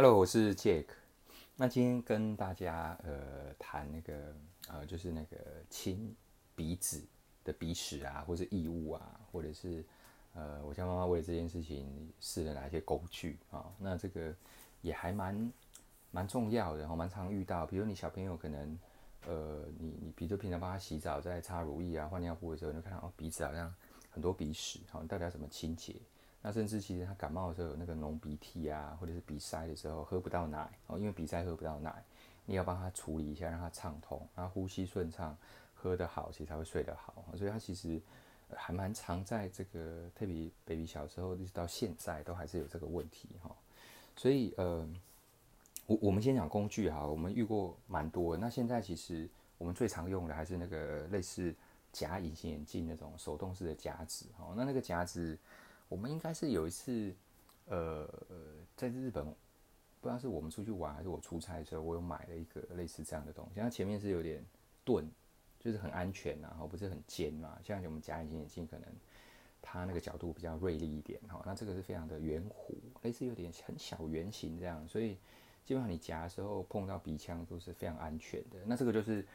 Hello，我是 Jack。那今天跟大家呃談那個呃就是那個清鼻子的鼻屎啊，啊，或者是異物啊，或者是呃我家媽媽為了這件事情試了哪些工具啊，哦？那這個也還蠻蠻重要的，然後蠻常遇到。比如你小朋友可能呃你你比如平常幫他洗澡，在擦乳液啊換尿布的時候，你就看到哦鼻子好像很多鼻屎，然後，哦，到底要怎麼清潔？那甚至其實他感冒的時候有那個濃鼻涕啊，或者是鼻塞的時候喝不到奶哦，因為鼻塞喝不到奶，你要幫他處理一下，讓他暢通，然後呼吸順暢，喝得好，其實才會睡得好。所以他其實、呃、還蠻常在這個，特別 baby 小時候一直到現在都還是有這個問題哈、哦。所以呃，我我們先講工具啊，我們遇過蠻多。那現在其實我們最常用的還是那個類似夾隱形眼鏡那種手動式的夾子哦，那那個夾子。我們應該是有一次呃，呃，在日本，不知道是我們出去玩還是我出差的時候，我有買了一個類似這樣的東西。像它前面是有點鈍，就是很安全，啊，然後不是很尖嘛。像我們夾隱形眼鏡，可能它那個角度比較銳利一點，哈，哦。那這個是非常的圓弧，類似有點很小圓形這樣，所以基本上你夾的時候碰到鼻腔都是非常安全的。那這個就是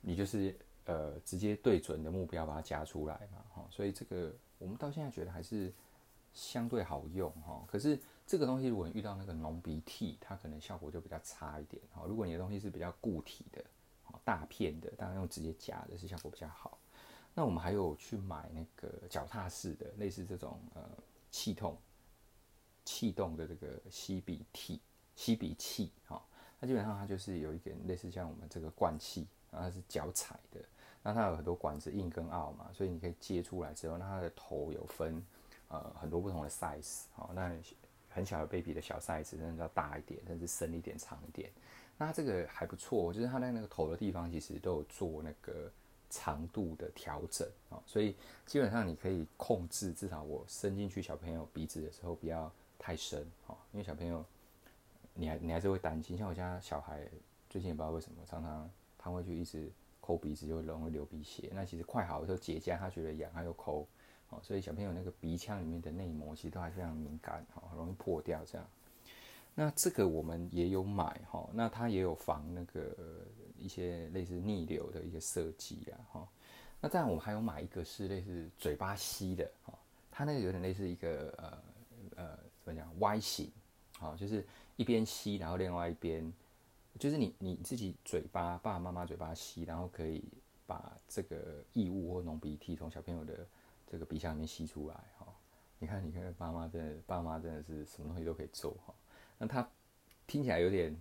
你就是呃直接對準的目標把它夾出來嘛，哈，哦。所以這個我們到現在覺得還是。相對好用哈，可是這個東西如果你遇到那個濃鼻涕，它可能效果就比較差一點哈。如果你的東西是比較固體的，哦，大片的，當然用直接夾的是效果比較好。那我們還有去買那個腳踏式的，類似這種呃氣筒、氣動的這個吸鼻涕、吸鼻器哈。那基本上它就是有一點類似像我們這個灌氣，然後它是腳踩的。那它有很多管子，硬跟凹嘛，所以你可以接出來之後，那它的頭有分。呃，很多不同的 size 哦，那很小的 baby 的小 size 真的要大一點，甚至深一點、長一點。那這個還不錯，就是它在那個頭的地方其實都有做那個長度的調整啊，哦，所以基本上你可以控制，至少我伸進去小朋友鼻子的時候不要太深哦，因為小朋友，你還你還是會擔心，像我家小孩最近也不知道為什麼，常常他會去一直摳鼻子，就容易流鼻血。那其實快好的時候結痂，他覺得癢，他又摳。哦，所以小朋友那個鼻腔裡面的內膜其實都還非常敏感，哈，很容易破掉這樣。那這個我們也有買哈，那它也有防那個一些類似逆流的一個設計啊。哈。那這樣我們還有買一個是類似嘴巴吸的，哈，它那個有點類似一個呃呃怎麼講，Y 型，好，就是一邊吸，然後另外一邊就是你你自己嘴巴，爸爸媽媽嘴巴吸，然後可以把這個異物或濃鼻涕從小朋友的。這個鼻腔裡面吸出來哈，你看，你看，爸媽真的，爸媽真的是什麼東西都可以做哈。那它聽起來有點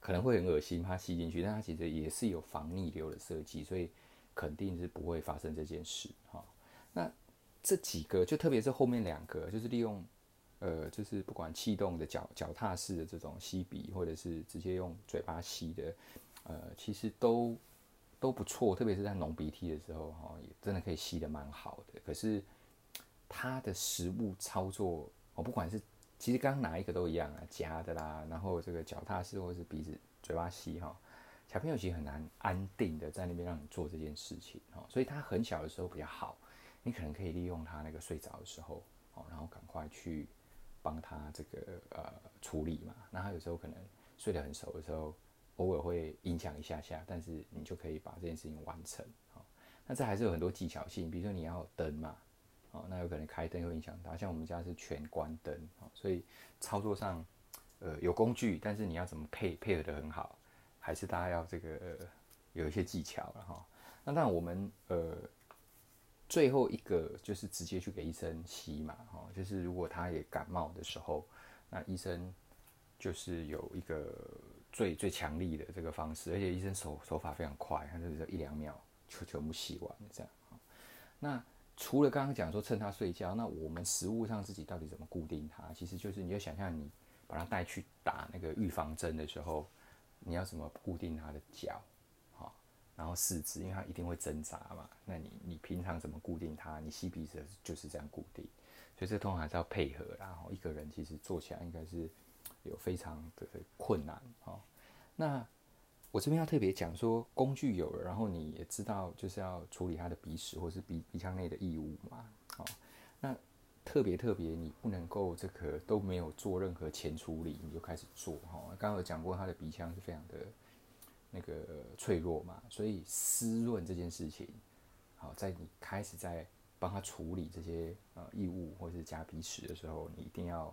可能會很噁心，它吸進去，但它其實也是有防逆流的設計，所以肯定是不會發生這件事哈。那這幾個，就特別是後面兩個，就是利用呃，就是不管氣動的腳腳踏式的這種吸鼻，或者是直接用嘴巴吸的，呃，其實都。都不錯，特別是在濃鼻涕的時候，哈，也真的可以吸得蠻好的。可是他的食物操作，不管是其實剛剛哪一個都一樣啊，夾的啦，然後這個腳踏式或是鼻子、嘴巴吸哈，小朋友其實很難安定的在那邊讓你做這件事情。所以他很小的時候比較好，你可能可以利用他那個睡着的時候哦，然後趕快去幫他這個呃處理嘛。那他有時候可能睡得很熟的時候。偶爾會影響一下下，但是你就可以把這件事情完成。哦、那這還是有很多技巧性，比如說你要燈嘛、哦，那有可能開燈又影響到，像我們家是全關燈、哦，所以操作上，呃，有工具，但是你要怎麼配配合得很好，還是大家要這個、呃、有一些技巧了哈、哦。那當然我們呃最後一個就是直接去給醫生吸嘛，哈、哦，就是如果他也感冒的時候，那醫生就是有一個。最最強力的這個方式，而且醫生手手法非常快，他就是一兩秒就全部洗完了這樣。那除了剛剛講說趁他睡覺，那我們實務上自己到底怎麼固定他？其實就是你要想象你把它帶去打那個預防針的時候，你要怎麼固定它的腳，然後四肢，因為它一定會掙扎嘛。那你你平常怎麼固定它？你吸鼻子就是這樣固定，所以這通常還是要配合，然後一個人其實做起來應該是。有非常的困難哦。那我這邊要特別講說，工具有了，然後你也知道，就是要處理他的鼻屎或是鼻鼻腔內的異物嘛、哦。那特別特別，你不能夠這個都沒有做任何前處理，你就開始做哈。剛剛有講過，他的鼻腔是非常的，那個脆弱嘛，所以濕潤這件事情，好，在你開始在幫他處理這些呃異物或是夾鼻屎的時候，你一定要。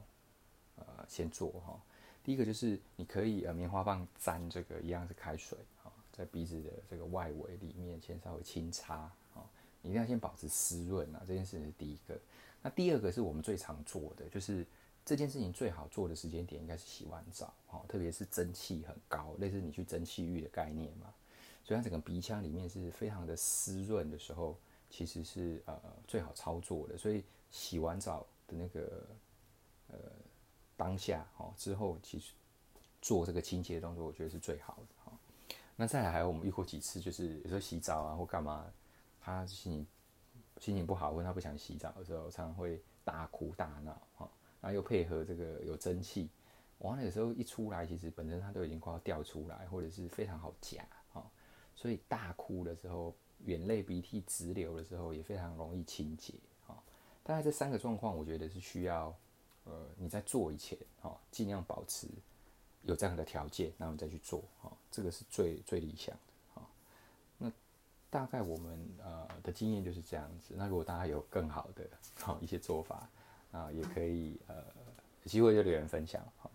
呃，先做哈、哦。第一個就是你可以呃，棉花棒沾這個一樣是開水啊、哦，在鼻子的這個外圍裡面先稍微輕擦啊，哦、一定要先保持濕潤啊，這件事情是第一個。那第二個是我們最常做的，就是這件事情最好做的時間點應該是洗完澡哈、哦，特別是蒸汽很高，類似你去蒸汽浴的概念嘛，所以它整個鼻腔裡面是非常的濕潤的時候，其實是呃最好操作的。所以洗完澡的那個。當下哦，之後其實做這個清潔動作，我覺得是最好的哈。那再來還有我們遇過幾次，就是有時候洗澡啊或幹嘛，他心情心情不好，或者他不想洗澡的時候，常常會大哭大鬧哈。然後又配合這個有蒸汽，完了有時候一出來，其實本身他都已經快要掉出來，或者是非常好夾哈。所以大哭的時候，眼淚鼻涕直流的時候，也非常容易清潔哈。大概這三個狀況，我覺得是需要。呃，你在做以前，哦、盡量保持有這樣的條件，然後你再去做，哦、這個是最最理想的，哦，那大概我們呃的經驗就是這樣子。那如果大家有更好的、哦、一些做法，啊，也可以呃有機會就留言分享，哦